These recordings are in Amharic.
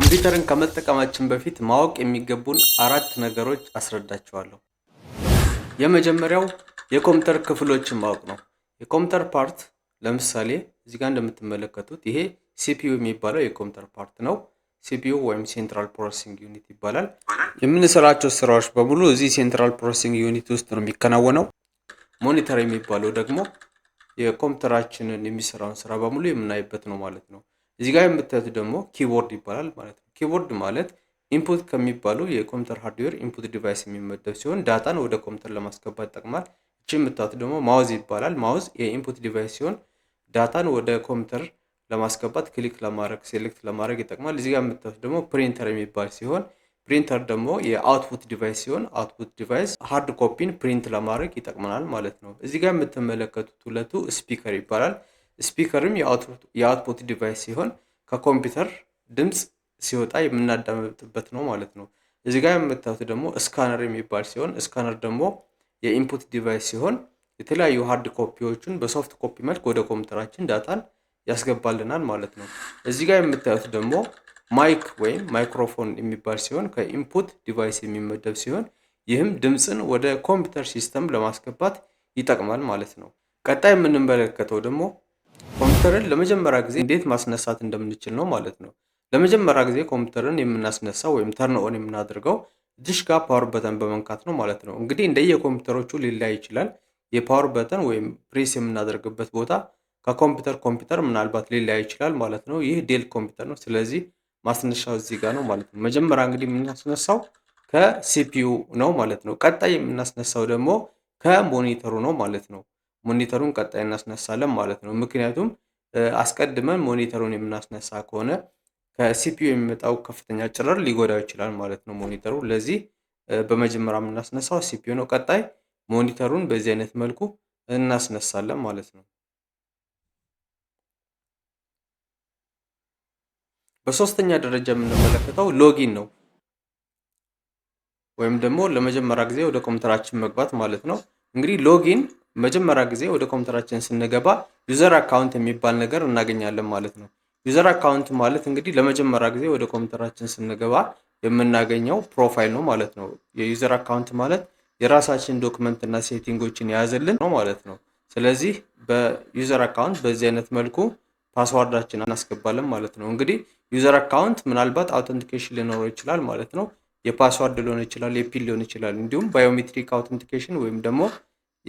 ኮምፒውተርን ከመጠቀማችን በፊት ማወቅ የሚገቡን አራት ነገሮች አስረዳችኋለሁ። የመጀመሪያው የኮምፒውተር ክፍሎችን ማወቅ ነው። የኮምፒውተር ፓርት ለምሳሌ እዚህ ጋር እንደምትመለከቱት ይሄ ሲፒዩ የሚባለው የኮምፒውተር ፓርት ነው። ሲፒዩ ወይም ሴንትራል ፕሮሰሲንግ ዩኒት ይባላል። የምንሰራቸው ስራዎች በሙሉ እዚህ ሴንትራል ፕሮሰሲንግ ዩኒት ውስጥ ነው የሚከናወነው። ሞኒተር የሚባለው ደግሞ የኮምፒውተራችንን የሚሰራውን ስራ በሙሉ የምናይበት ነው ማለት ነው። እዚህ ጋር የምታዩት ደግሞ ኪቦርድ ይባላል ማለት ነው። ኪቦርድ ማለት ኢንፑት ከሚባሉ የኮምፒውተር ሃርድዌር ኢንፑት ዲቫይስ የሚመደብ ሲሆን ዳታን ወደ ኮምፒውተር ለማስገባት ይጠቅማል። እቺ የምታዩት ደግሞ ማውዝ ይባላል። ማውዝ የኢንፑት ዲቫይስ ሲሆን ዳታን ወደ ኮምፒውተር ለማስገባት ክሊክ ለማድረግ ሴሌክት ለማድረግ ይጠቅማል። እዚህ ጋር የምታዩት ደግሞ ፕሪንተር የሚባል ሲሆን ፕሪንተር ደግሞ የአውትፑት ዲቫይስ ሲሆን አውትፑት ዲቫይስ ሃርድ ኮፒን ፕሪንት ለማድረግ ይጠቅመናል ማለት ነው። እዚህ ጋር የምትመለከቱት ሁለቱ ስፒከር ይባላል። ስፒከርም የአውትፑት ዲቫይስ ሲሆን ከኮምፒውተር ድምፅ ሲወጣ የምናዳመጥበት ነው ማለት ነው። እዚህ ጋር የምታዩት ደግሞ ስካነር የሚባል ሲሆን ስካነር ደግሞ የኢንፑት ዲቫይስ ሲሆን የተለያዩ ሀርድ ኮፒዎችን በሶፍት ኮፒ መልክ ወደ ኮምፒውተራችን ዳታን ያስገባልናል ማለት ነው። እዚህ ጋር የምታዩት ደግሞ ማይክ ወይም ማይክሮፎን የሚባል ሲሆን ከኢንፑት ዲቫይስ የሚመደብ ሲሆን ይህም ድምፅን ወደ ኮምፒውተር ሲስተም ለማስገባት ይጠቅማል ማለት ነው። ቀጣይ የምንመለከተው ደግሞ ኮምፒውተርን ለመጀመሪያ ጊዜ እንዴት ማስነሳት እንደምንችል ነው ማለት ነው። ለመጀመሪያ ጊዜ ኮምፒውተርን የምናስነሳው ወይም ተርን ኦን የምናደርገው እጅሽ ጋር ፓወር በተን በመንካት ነው ማለት ነው። እንግዲህ እንደየኮምፒውተሮቹ ሊለያይ ይችላል። የፓወር በተን ወይም ፕሬስ የምናደርግበት ቦታ ከኮምፒውተር ኮምፒውተር ምናልባት ሊለያይ ይችላል ማለት ነው። ይህ ዴል ኮምፒውተር ነው። ስለዚህ ማስነሻው እዚህ ጋር ነው ማለት ነው። መጀመሪያ እንግዲህ የምናስነሳው ከሲፒዩ ነው ማለት ነው። ቀጣይ የምናስነሳው ደግሞ ከሞኒተሩ ነው ማለት ነው። ሞኒተሩን ቀጣይ እናስነሳለን ማለት ነው። ምክንያቱም አስቀድመን ሞኒተሩን የምናስነሳ ከሆነ ከሲፒዩ የሚመጣው ከፍተኛ ጭረር ሊጎዳው ይችላል ማለት ነው ሞኒተሩ። ለዚህ በመጀመሪያ የምናስነሳው ሲፒዩ ነው። ቀጣይ ሞኒተሩን በዚህ አይነት መልኩ እናስነሳለን ማለት ነው። በሶስተኛ ደረጃ የምንመለከተው ሎጊን ነው ወይም ደግሞ ለመጀመሪያ ጊዜ ወደ ኮምፒውተራችን መግባት ማለት ነው። እንግዲህ ሎጊን መጀመሪያ ጊዜ ወደ ኮምፒውተራችን ስንገባ ዩዘር አካውንት የሚባል ነገር እናገኛለን ማለት ነው። ዩዘር አካውንት ማለት እንግዲህ ለመጀመሪያ ጊዜ ወደ ኮምፒውተራችን ስንገባ የምናገኘው ፕሮፋይል ነው ማለት ነው። የዩዘር አካውንት ማለት የራሳችን ዶክመንት እና ሴቲንጎችን የያዘልን ነው ማለት ነው። ስለዚህ በዩዘር አካውንት በዚህ አይነት መልኩ ፓስዋርዳችን እናስገባለን ማለት ነው። እንግዲህ ዩዘር አካውንት ምናልባት አውተንቲኬሽን ሊኖረው ይችላል ማለት ነው። የፓስዋርድ ሊሆን ይችላል፣ የፒን ሊሆን ይችላል፣ እንዲሁም ባዮሜትሪክ አውተንቲኬሽን ወይም ደግሞ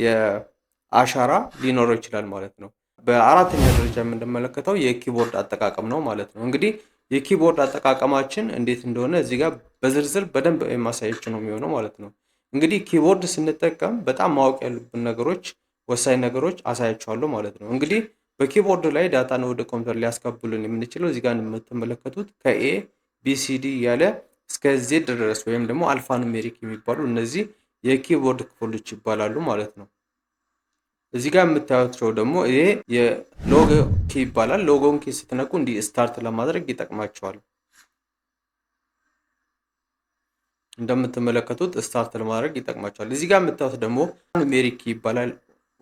የአሻራ ሊኖረው ይችላል ማለት ነው። በአራተኛ ደረጃ የምንመለከተው የኪቦርድ አጠቃቀም ነው ማለት ነው። እንግዲህ የኪቦርድ አጠቃቀማችን እንዴት እንደሆነ እዚህ ጋር በዝርዝር በደንብ የማሳያችሁ ነው የሚሆነው ማለት ነው። እንግዲህ ኪቦርድ ስንጠቀም በጣም ማወቅ ያሉብን ነገሮች፣ ወሳኝ ነገሮች አሳያችኋለሁ ማለት ነው። እንግዲህ በኪቦርድ ላይ ዳታን ወደ ኮምፒውተር ሊያስገቡልን የምንችለው እዚህ ጋር እንደምትመለከቱት ከኤ ቢሲዲ ያለ እስከ ዜድ ድረስ ወይም ደግሞ አልፋ ኑሜሪክ የሚባሉ እነዚህ የኪቦርድ ክፍሎች ይባላሉ ማለት ነው። እዚህ ጋር የምታዩቸው ደግሞ ይሄ የሎጎ ኪ ይባላል። ሎጎን ኪ ስትነኩ እንዲህ ስታርት ለማድረግ ይጠቅማቸዋል። እንደምትመለከቱት ስታርት ለማድረግ ይጠቅማቸዋል። እዚህ ጋር የምታዩት ደግሞ ኑሜሪክ ኪ ይባላል።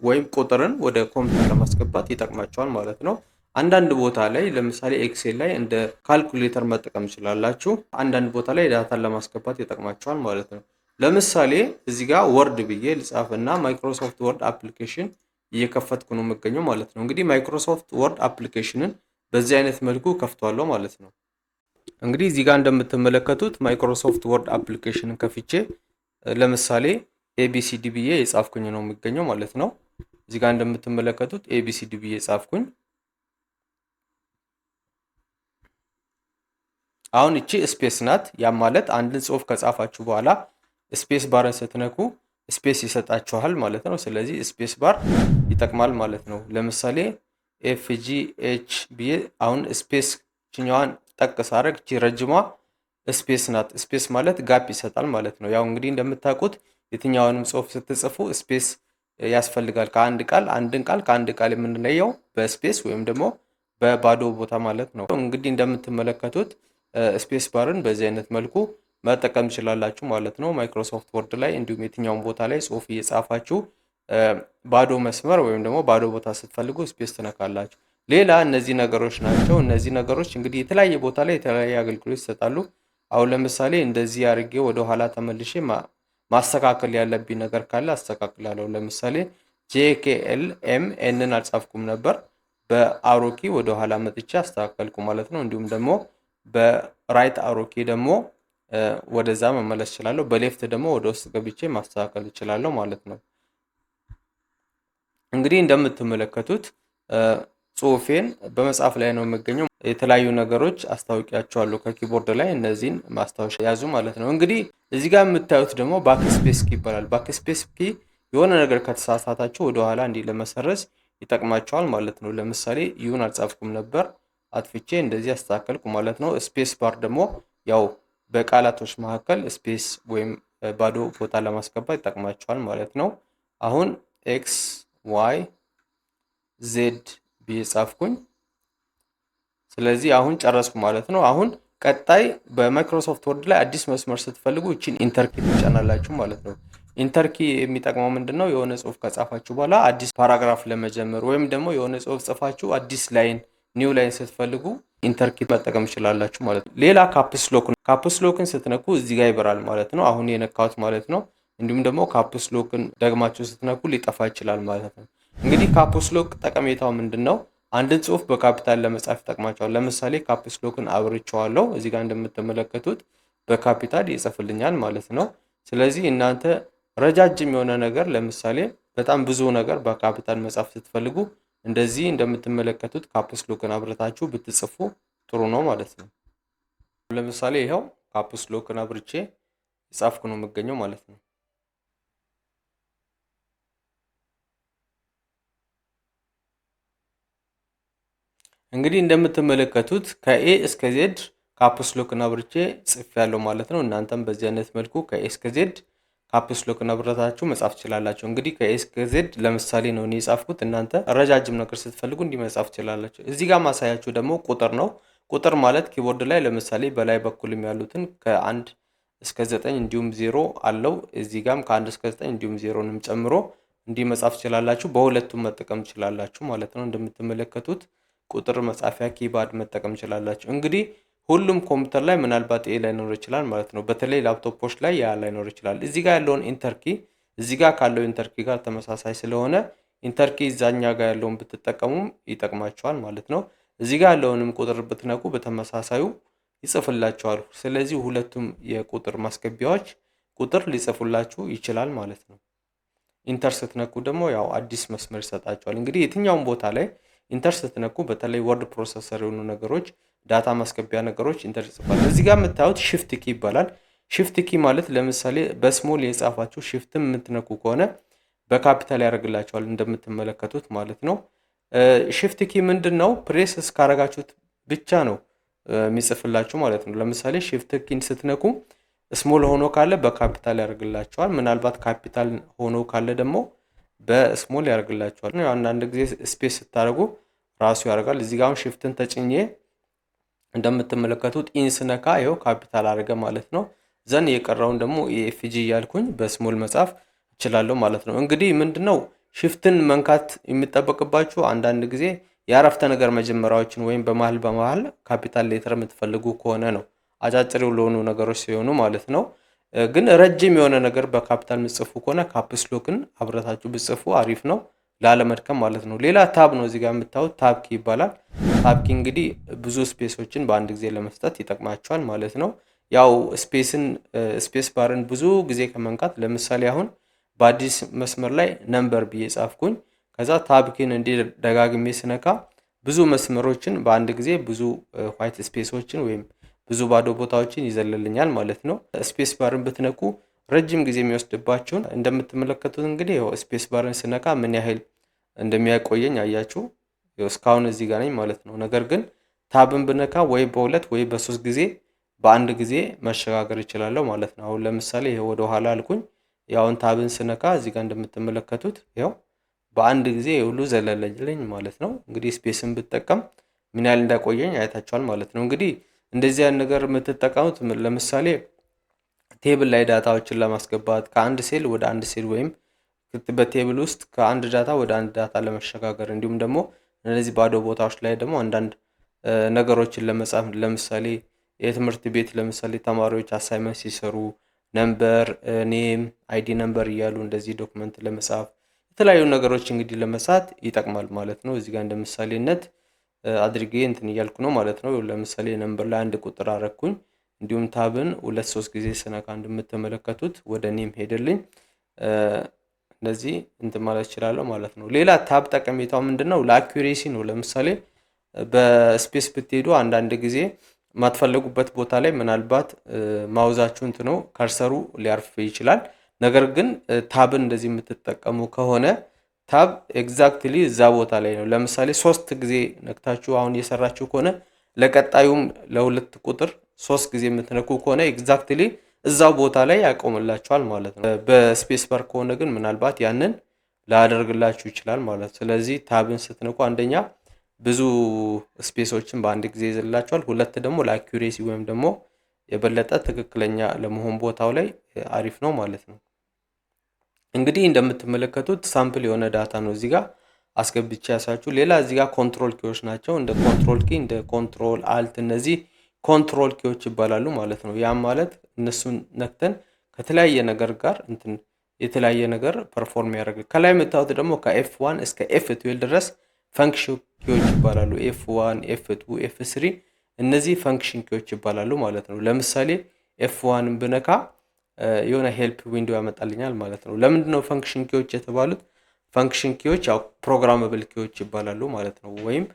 ወይም ቁጥርን ወደ ኮምፒውተር ለማስገባት ይጠቅማቸዋል ማለት ነው። አንዳንድ ቦታ ላይ ለምሳሌ ኤክሴል ላይ እንደ ካልኩሌተር መጠቀም ይችላላችሁ። አንዳንድ ቦታ ላይ ዳታን ለማስገባት ይጠቅማቸዋል ማለት ነው። ለምሳሌ እዚህ ጋር ወርድ ብዬ ልጻፍ እና ማይክሮሶፍት ወርድ አፕሊኬሽን እየከፈትኩ ነው የምገኘው ማለት ነው። እንግዲህ ማይክሮሶፍት ወርድ አፕሊኬሽንን በዚህ አይነት መልኩ ከፍቷለሁ ማለት ነው። እንግዲህ እዚህ ጋር እንደምትመለከቱት ማይክሮሶፍት ወርድ አፕሊኬሽንን ከፍቼ ለምሳሌ ኤቢሲዲ ብዬ የጻፍኩኝ ነው የሚገኘው ማለት ነው። እዚህ ጋር እንደምትመለከቱት ኤቢሲዲ ብዬ የጻፍኩኝ አሁን እቺ ስፔስ ናት። ያም ማለት አንድን ጽሁፍ ከጻፋችሁ በኋላ ስፔስ ባርን ስትነኩ ስፔስ ይሰጣችኋል ማለት ነው። ስለዚህ ስፔስ ባር ይጠቅማል ማለት ነው። ለምሳሌ ኤፍጂ ኤች ብዬ አሁን ስፔስ ችኛዋን ጠቅ ሳረግ ቺ ረጅሟ ስፔስ ናት። ስፔስ ማለት ጋፕ ይሰጣል ማለት ነው። ያው እንግዲህ እንደምታውቁት የትኛውንም ጽሁፍ ስትጽፉ ስፔስ ያስፈልጋል። ከአንድ ቃል አንድን ቃል ከአንድ ቃል የምንለየው በስፔስ ወይም ደግሞ በባዶ ቦታ ማለት ነው። እንግዲህ እንደምትመለከቱት ስፔስ ባርን በዚህ አይነት መልኩ መጠቀም ትችላላችሁ ማለት ነው። ማይክሮሶፍት ወርድ ላይ እንዲሁም የትኛውን ቦታ ላይ ጽሁፍ እየጻፋችሁ ባዶ መስመር ወይም ደግሞ ባዶ ቦታ ስትፈልጉ ስፔስ ትነካላችሁ። ሌላ እነዚህ ነገሮች ናቸው። እነዚህ ነገሮች እንግዲህ የተለያየ ቦታ ላይ የተለያየ አገልግሎት ይሰጣሉ። አሁን ለምሳሌ እንደዚህ አድርጌ ወደ ኋላ ተመልሼ ማስተካከል ያለብኝ ነገር ካለ አስተካክላለሁ። ለምሳሌ ጄኬኤል ኤም ኤንን አልጻፍኩም ነበር በአሮኪ ወደ ኋላ መጥቼ አስተካከልኩ ማለት ነው። እንዲሁም ደግሞ በራይት አሮኪ ደግሞ ወደዛ መመለስ እችላለሁ። በሌፍት ደግሞ ወደ ውስጥ ገብቼ ማስተካከል እችላለሁ ማለት ነው። እንግዲህ እንደምትመለከቱት ጽሁፌን በመጻፍ ላይ ነው የሚገኘው። የተለያዩ ነገሮች አስታውቂያቸዋለሁ ከኪቦርድ ላይ እነዚህን ማስታወሻ ያዙ ማለት ነው። እንግዲህ እዚህ ጋር የምታዩት ደግሞ ባክስፔስ ኪ ይባላል። ባክስፔስ ኪ የሆነ ነገር ከተሳሳታቸው ወደኋላ እንዲህ ለመሰረዝ ይጠቅማቸዋል ማለት ነው። ለምሳሌ ይሁን አልጻፍኩም ነበር አጥፍቼ እንደዚህ አስተካከልኩ ማለት ነው። ስፔስ ባር ደግሞ ያው በቃላቶች መካከል ስፔስ ወይም ባዶ ቦታ ለማስገባት ይጠቅማቸዋል ማለት ነው። አሁን ኤክስ ዋይ ዜድ ብዬ ጻፍኩኝ። ስለዚህ አሁን ጨረስኩ ማለት ነው። አሁን ቀጣይ በማይክሮሶፍት ወርድ ላይ አዲስ መስመር ስትፈልጉ እቺን ኢንተርኪ ትጫናላችሁ ማለት ነው። ኢንተርኪ የሚጠቅመው ምንድን ነው? የሆነ ጽሁፍ ከጻፋችሁ በኋላ አዲስ ፓራግራፍ ለመጀመር ወይም ደግሞ የሆነ ጽሁፍ ጽፋችሁ አዲስ ላይን ኒው ላይን ስትፈልጉ ኢንተርኬት መጠቀም ይችላላችሁ ማለት ነው። ሌላ ካፕስሎክ ካፕስሎክን ስትነኩ እዚህ ጋር ይበራል ማለት ነው። አሁን የነካሁት ማለት ነው። እንዲሁም ደግሞ ካፕስሎክን ደግማችሁ ስትነኩ ሊጠፋ ይችላል ማለት ነው። እንግዲህ ካፕስሎክ ጠቀሜታው ምንድን ነው? አንድን ጽሁፍ በካፒታል ለመጻፍ ይጠቅማቸዋል። ለምሳሌ ካፕስሎክን አብርቸዋለሁ እዚህ ጋር እንደምትመለከቱት በካፒታል ይጽፍልኛል ማለት ነው። ስለዚህ እናንተ ረጃጅም የሆነ ነገር ለምሳሌ በጣም ብዙ ነገር በካፒታል መጻፍ ስትፈልጉ እንደዚህ እንደምትመለከቱት ካፕስ ሎክን አብረታችሁ ብትጽፉ ጥሩ ነው ማለት ነው። ለምሳሌ ይኸው ካፕስ ሎክን አብርቼ የጻፍኩ ነው የምገኘው ማለት ነው። እንግዲህ እንደምትመለከቱት ከኤ እስከ ዜድ ካፕስ ሎክን አብርቼ ጽፌያለሁ ማለት ነው። እናንተም በዚህ አይነት መልኩ ከኤ እስከ ዜድ አፕስሎክ ንብረታችሁ መጻፍ ትችላላችሁ። እንግዲህ ከኤስ ከዜድ ለምሳሌ ነው እኔ የጻፍኩት። እናንተ ረጃጅም ነገር ስትፈልጉ እንዲህ መጻፍ ትችላላችሁ። እዚህ ጋር ማሳያችሁ ደግሞ ቁጥር ነው። ቁጥር ማለት ኪቦርድ ላይ ለምሳሌ በላይ በኩልም ያሉትን ከአንድ እስከ ዘጠኝ እንዲሁም ዜሮ አለው። እዚህ ጋም ከአንድ እስከ ዘጠኝ እንዲሁም ዜሮንም ጨምሮ እንዲህ መጻፍ ትችላላችሁ። በሁለቱም መጠቀም ትችላላችሁ ማለት ነው። እንደምትመለከቱት ቁጥር መጻፊያ ኪባድ መጠቀም ትችላላችሁ እንግዲህ ሁሉም ኮምፒውተር ላይ ምናልባት ኤ ላይኖር ይችላል ማለት ነው። በተለይ ላፕቶፖች ላይ ያ ላይኖር ይችላል። እዚህ ጋር ያለውን ኢንተርኪ እዚህ ጋር ካለው ኢንተርኪ ጋር ተመሳሳይ ስለሆነ ኢንተርኪ እዛኛ ጋር ያለውን ብትጠቀሙም ይጠቅማቸዋል ማለት ነው። እዚህ ጋር ያለውንም ቁጥር ብትነኩ በተመሳሳዩ ይጽፍላቸዋል። ስለዚህ ሁለቱም የቁጥር ማስገቢያዎች ቁጥር ሊጽፉላችሁ ይችላል ማለት ነው። ኢንተር ስትነኩ ደግሞ ያው አዲስ መስመር ይሰጣቸዋል። እንግዲህ የትኛውም ቦታ ላይ ኢንተር ስትነኩ በተለይ ወርድ ፕሮሰሰር የሆኑ ነገሮች ዳታ ማስገቢያ ነገሮች ኢንተር እዚህ ጋር የምታዩት ሽፍት ኪ ይባላል። ሽፍት ኪ ማለት ለምሳሌ በስሞል የጻፋችሁ ሽፍትም የምትነኩ ከሆነ በካፒታል ያደርግላቸዋል እንደምትመለከቱት ማለት ነው። ሽፍት ኪ ምንድን ነው? ፕሬስ እስካረጋችሁት ብቻ ነው የሚጽፍላችሁ ማለት ነው። ለምሳሌ ሽፍት ኪን ስትነኩ ስሞል ሆኖ ካለ በካፒታል ያደርግላቸዋል። ምናልባት ካፒታል ሆኖ ካለ ደግሞ በስሞል ያደርግላቸዋል። አንዳንድ ጊዜ ስፔስ ስታደርጉ ራሱ ያደርጋል። እዚህ ጋር ሽፍትን ተጭኜ እንደምትመለከቱት ኢን ስነካ ይኸው ካፒታል አድርገ ማለት ነው። ዘን የቀረውን ደግሞ ኤፍጂ እያልኩኝ በስሞል መጻፍ እችላለሁ ማለት ነው። እንግዲህ ምንድነው ሽፍትን መንካት የሚጠበቅባችሁ አንዳንድ ጊዜ የአረፍተ ነገር መጀመሪያዎችን ወይም በመሀል በመሀል ካፒታል ሌተር የምትፈልጉ ከሆነ ነው። አጫጭሪው ለሆኑ ነገሮች ሲሆኑ ማለት ነው። ግን ረጅም የሆነ ነገር በካፒታል ምጽፉ ከሆነ ካፕስሎክን አብረታችሁ ብጽፉ አሪፍ ነው። ላለመድከም ማለት ነው። ሌላ ታብ ነው እዚጋ የምታዩት ታብኪ ይባላል። ታብኪ እንግዲህ ብዙ ስፔሶችን በአንድ ጊዜ ለመስጠት ይጠቅማቸዋል ማለት ነው። ያው ስፔስን ስፔስ ባርን ብዙ ጊዜ ከመንካት ለምሳሌ አሁን በአዲስ መስመር ላይ ነምበር ብዬ ጻፍኩኝ። ከዛ ታብኪን እንዲህ ደጋግሜ ስነካ ብዙ መስመሮችን በአንድ ጊዜ ብዙ ዋይት ስፔሶችን ወይም ብዙ ባዶ ቦታዎችን ይዘልልኛል ማለት ነው። ስፔስ ባርን ብትነኩ ረጅም ጊዜ የሚወስድባችሁን እንደምትመለከቱት እንግዲህ ስፔስ ባርን ስነካ ምን ያህል እንደሚያቆየኝ አያችሁ። እስካሁን እዚህ ጋር ነኝ ማለት ነው። ነገር ግን ታብን ብነካ ወይ በሁለት ወይ በሶስት ጊዜ በአንድ ጊዜ መሸጋገር ይችላለሁ ማለት ነው። አሁን ለምሳሌ ይሄ ወደ ኋላ አልኩኝ። ያውን ታብን ስነካ እዚህ ጋር እንደምትመለከቱት ያው በአንድ ጊዜ ሁሉ ዘለለልኝ ማለት ነው። እንግዲህ ስፔስን ብጠቀም ምን ያህል እንዳቆየኝ አይታችኋል ማለት ነው። እንግዲህ እንደዚህ አይነት ነገር የምትጠቀሙት ለምሳሌ ቴብል ላይ ዳታዎችን ለማስገባት ከአንድ ሴል ወደ አንድ ሴል ወይም በቴብል ውስጥ ከአንድ ዳታ ወደ አንድ ዳታ ለመሸጋገር እንዲሁም ደግሞ እነዚህ ባዶ ቦታዎች ላይ ደግሞ አንዳንድ ነገሮችን ለመጻፍ ለምሳሌ የትምህርት ቤት ለምሳሌ ተማሪዎች አሳይመንት ሲሰሩ ነምበር ኔም አይዲ ነምበር እያሉ እንደዚህ ዶክመንት ለመጻፍ የተለያዩ ነገሮች እንግዲህ ለመሳት ይጠቅማል ማለት ነው። እዚህ ጋር እንደ ምሳሌነት አድርጌ እንትን እያልኩ ነው ማለት ነው። ለምሳሌ ነምበር ላይ አንድ ቁጥር አረኩኝ። እንዲሁም ታብን ሁለት ሶስት ጊዜ ስነካ እንደምትመለከቱት ወደ ኔም ሄደልኝ። እንደዚህ እንትን ማለት እችላለሁ ማለት ነው። ሌላ ታብ ጠቀሜታው ምንድን ነው? ለአኪሬሲ ነው። ለምሳሌ በስፔስ ብትሄዱ አንዳንድ ጊዜ የማትፈለጉበት ቦታ ላይ ምናልባት ማውዛችሁን ትኖ ከርሰሩ ሊያርፍ ይችላል። ነገር ግን ታብን እንደዚህ የምትጠቀሙ ከሆነ ታብ ኤግዛክትሊ እዛ ቦታ ላይ ነው። ለምሳሌ ሶስት ጊዜ ነክታችሁ አሁን እየሰራችሁ ከሆነ ለቀጣዩም ለሁለት ቁጥር ሶስት ጊዜ የምትነኩ ከሆነ ኤግዛክትሊ እዛው ቦታ ላይ ያቆምላችኋል ማለት ነው። በስፔስ ባር ከሆነ ግን ምናልባት ያንን ላደርግላችሁ ይችላል ማለት ነው። ስለዚህ ታብን ስትነኩ አንደኛ ብዙ ስፔሶችን በአንድ ጊዜ ይዝላችኋል፣ ሁለት ደግሞ ለአኪሬሲ ወይም ደግሞ የበለጠ ትክክለኛ ለመሆን ቦታው ላይ አሪፍ ነው ማለት ነው። እንግዲህ እንደምትመለከቱት ሳምፕል የሆነ ዳታ ነው እዚጋ ጋር አስገብቼ ያሳችሁ። ሌላ እዚጋ ኮንትሮል ኪዎች ናቸው። እንደ ኮንትሮል ኪ እንደ ኮንትሮል አልት እነዚህ ኮንትሮል ኪዎች ይባላሉ ማለት ነው። ያም ማለት እነሱን ነክተን ከተለያየ ነገር ጋር እንትን የተለያየ ነገር ፐርፎርም ያደርጋል። ከላይ የምታዩት ደግሞ ከኤፍ ዋን እስከ ኤፍ ትዌል ድረስ ፈንክሽን ኪዎች ይባላሉ። ኤፍ ዋን፣ ኤፍ ቱ፣ ኤፍ ስሪ እነዚህ ፈንክሽን ኪዎች ይባላሉ ማለት ነው። ለምሳሌ ኤፍ ዋን ብነካ የሆነ ሄልፕ ዊንዶ ያመጣልኛል ማለት ነው። ለምንድን ነው ፈንክሽን ኪዎች የተባሉት? ፈንክሽን ኪዎች ያው ፕሮግራመብል ኪዎች ይባላሉ ማለት ነው ወይም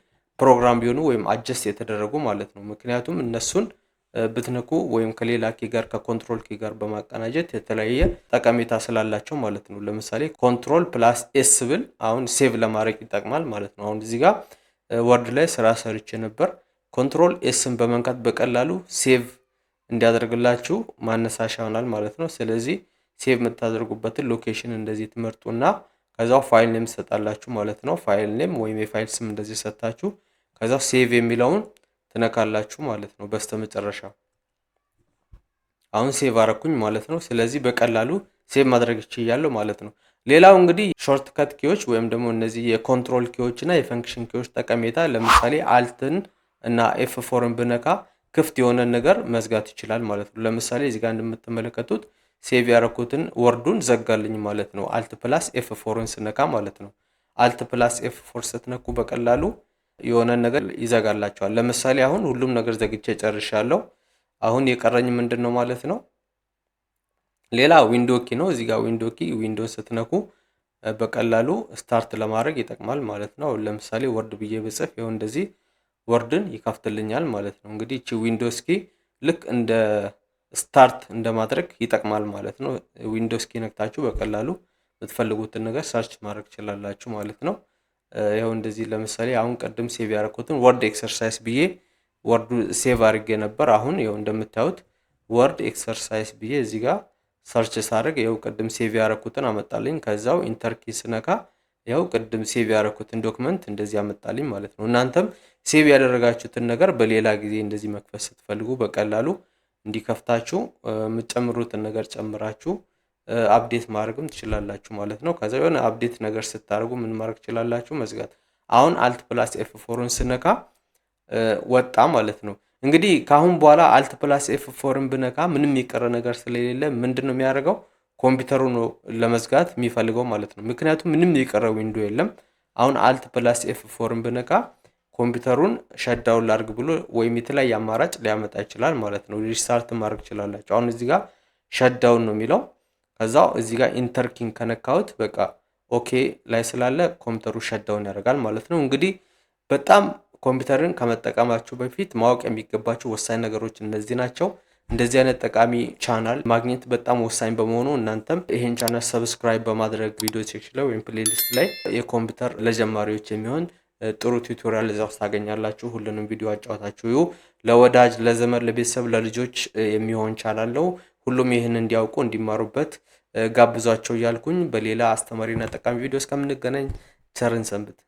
ፕሮግራም ቢሆኑ ወይም አጀስት የተደረጉ ማለት ነው። ምክንያቱም እነሱን ብትንኩ ወይም ከሌላ ኪ ጋር ከኮንትሮል ኪ ጋር በማቀናጀት የተለያየ ጠቀሜታ ስላላቸው ማለት ነው። ለምሳሌ ኮንትሮል ፕላስ ኤስ ብል አሁን ሴቭ ለማድረግ ይጠቅማል ማለት ነው። አሁን እዚህ ጋር ወርድ ላይ ስራ ሰርቼ ነበር። ኮንትሮል ኤስን በመንካት በቀላሉ ሴቭ እንዲያደርግላችሁ ማነሳሻ ይሆናል ማለት ነው። ስለዚህ ሴቭ የምታደርጉበትን ሎኬሽን እንደዚህ ትመርጡና ከዛው ፋይል ኔም ትሰጣላችሁ ማለት ነው። ፋይል ኔም ወይም የፋይል ስም እንደዚህ ሰጥታችሁ ከዛ ሴቭ የሚለውን ትነካላችሁ ማለት ነው። በስተ መጨረሻ አሁን ሴቭ አረኩኝ ማለት ነው። ስለዚህ በቀላሉ ሴቭ ማድረግ እችላለሁ ማለት ነው። ሌላው እንግዲህ ሾርትከት ኪዎች ወይም ደግሞ እነዚህ የኮንትሮል ኪዎች እና የፈንክሽን ኪዎች ጠቀሜታ ለምሳሌ አልትን እና ኤፍ ፎርን ብነካ ክፍት የሆነ ነገር መዝጋት ይችላል ማለት ነው። ለምሳሌ እዚህ ጋር እንደምትመለከቱት ሴቭ ያረኩትን ወርዱን ዘጋልኝ ማለት ነው። አልት ፕላስ ኤፍ ፎርን ስነካ ማለት ነው። አልት ፕላስ ኤፍ ፎር ስትነኩ በቀላሉ የሆነን ነገር ይዘጋላቸዋል። ለምሳሌ አሁን ሁሉም ነገር ዘግቼ ጨርሻለሁ። አሁን የቀረኝ ምንድን ነው ማለት ነው። ሌላ ዊንዶ ኪ ነው። እዚጋ ዊንዶኪ ዊንዶ ኪ ስትነኩ በቀላሉ ስታርት ለማድረግ ይጠቅማል ማለት ነው። ለምሳሌ ወርድ ብዬ ብጽፍ ይኸው እንደዚህ ወርድን ይከፍትልኛል ማለት ነው። እንግዲህ እቺ ዊንዶስ ኪ ልክ እንደ ስታርት እንደማድረግ ይጠቅማል ማለት ነው። ዊንዶስ ኪ ነክታችሁ በቀላሉ የምትፈልጉትን ነገር ሰርች ማድረግ ትችላላችሁ ማለት ነው። ይኸው እንደዚህ ለምሳሌ አሁን ቅድም ሴቭ ያደረኩትን ወርድ ኤክሰርሳይዝ ብዬ ወርዱ ሴቭ አድርጌ ነበር። አሁን ይኸው እንደምታዩት ወርድ ኤክሰርሳይዝ ብዬ እዚህ ጋር ሰርች ሳደርግ ይኸው ቅድም ሴቭ ያደረኩትን አመጣልኝ። ከዛው ኢንተርኪ ስነካ ያው ቅድም ሴቭ ያደረኩትን ዶክመንት እንደዚህ አመጣልኝ ማለት ነው። እናንተም ሴቭ ያደረጋችሁትን ነገር በሌላ ጊዜ እንደዚህ መክፈት ስትፈልጉ በቀላሉ እንዲከፍታችሁ የምትጨምሩትን ነገር ጨምራችሁ አፕዴት ማድረግም ትችላላችሁ ማለት ነው። ከዛ የሆነ አፕዴት ነገር ስታደርጉ ምን ማድረግ ትችላላችሁ? መዝጋት። አሁን አልት ፕላስ ኤፍ ፎርን ስነካ ወጣ ማለት ነው። እንግዲህ ከአሁን በኋላ አልት ፕላስ ኤፍ ፎርን ብነካ ምንም የቀረ ነገር ስለሌለ ምንድን ነው የሚያደርገው? ኮምፒውተሩ ነው ለመዝጋት የሚፈልገው ማለት ነው። ምክንያቱም ምንም የቀረ ዊንዶ የለም። አሁን አልት ፕላስ ኤፍ ፎርን ብነካ ኮምፒውተሩን ሸዳውን ላድርግ ብሎ ወይም የተለያየ አማራጭ ሊያመጣ ይችላል ማለት ነው። ሪስታርት ማድረግ ይችላላቸው። አሁን እዚህ ጋር ሸዳውን ነው የሚለው ከዛው እዚህ ጋር ኢንተርኪን ከነካሁት በቃ ኦኬ ላይ ስላለ ኮምፒውተሩ ሸዳውን ያደርጋል ማለት ነው። እንግዲህ በጣም ኮምፒውተርን ከመጠቀማችሁ በፊት ማወቅ የሚገባቸው ወሳኝ ነገሮች እነዚህ ናቸው። እንደዚህ አይነት ጠቃሚ ቻናል ማግኘት በጣም ወሳኝ በመሆኑ እናንተም ይህን ቻናል ሰብስክራይብ በማድረግ ቪዲዮ ሴክሽን ላይ ወይም ፕሌሊስት ላይ የኮምፒውተር ለጀማሪዎች የሚሆን ጥሩ ቱቶሪያል እዛ ውስጥ ታገኛላችሁ። ሁሉንም ቪዲዮ አጫወታችሁ ለወዳጅ ለዘመን፣ ለቤተሰብ፣ ለልጆች የሚሆን ቻናል ነው። ሁሉም ይህን እንዲያውቁ እንዲማሩበት ጋብዟቸው እያልኩኝ በሌላ አስተማሪና ጠቃሚ ቪዲዮ እስከምንገናኝ ቸርን ሰንብት።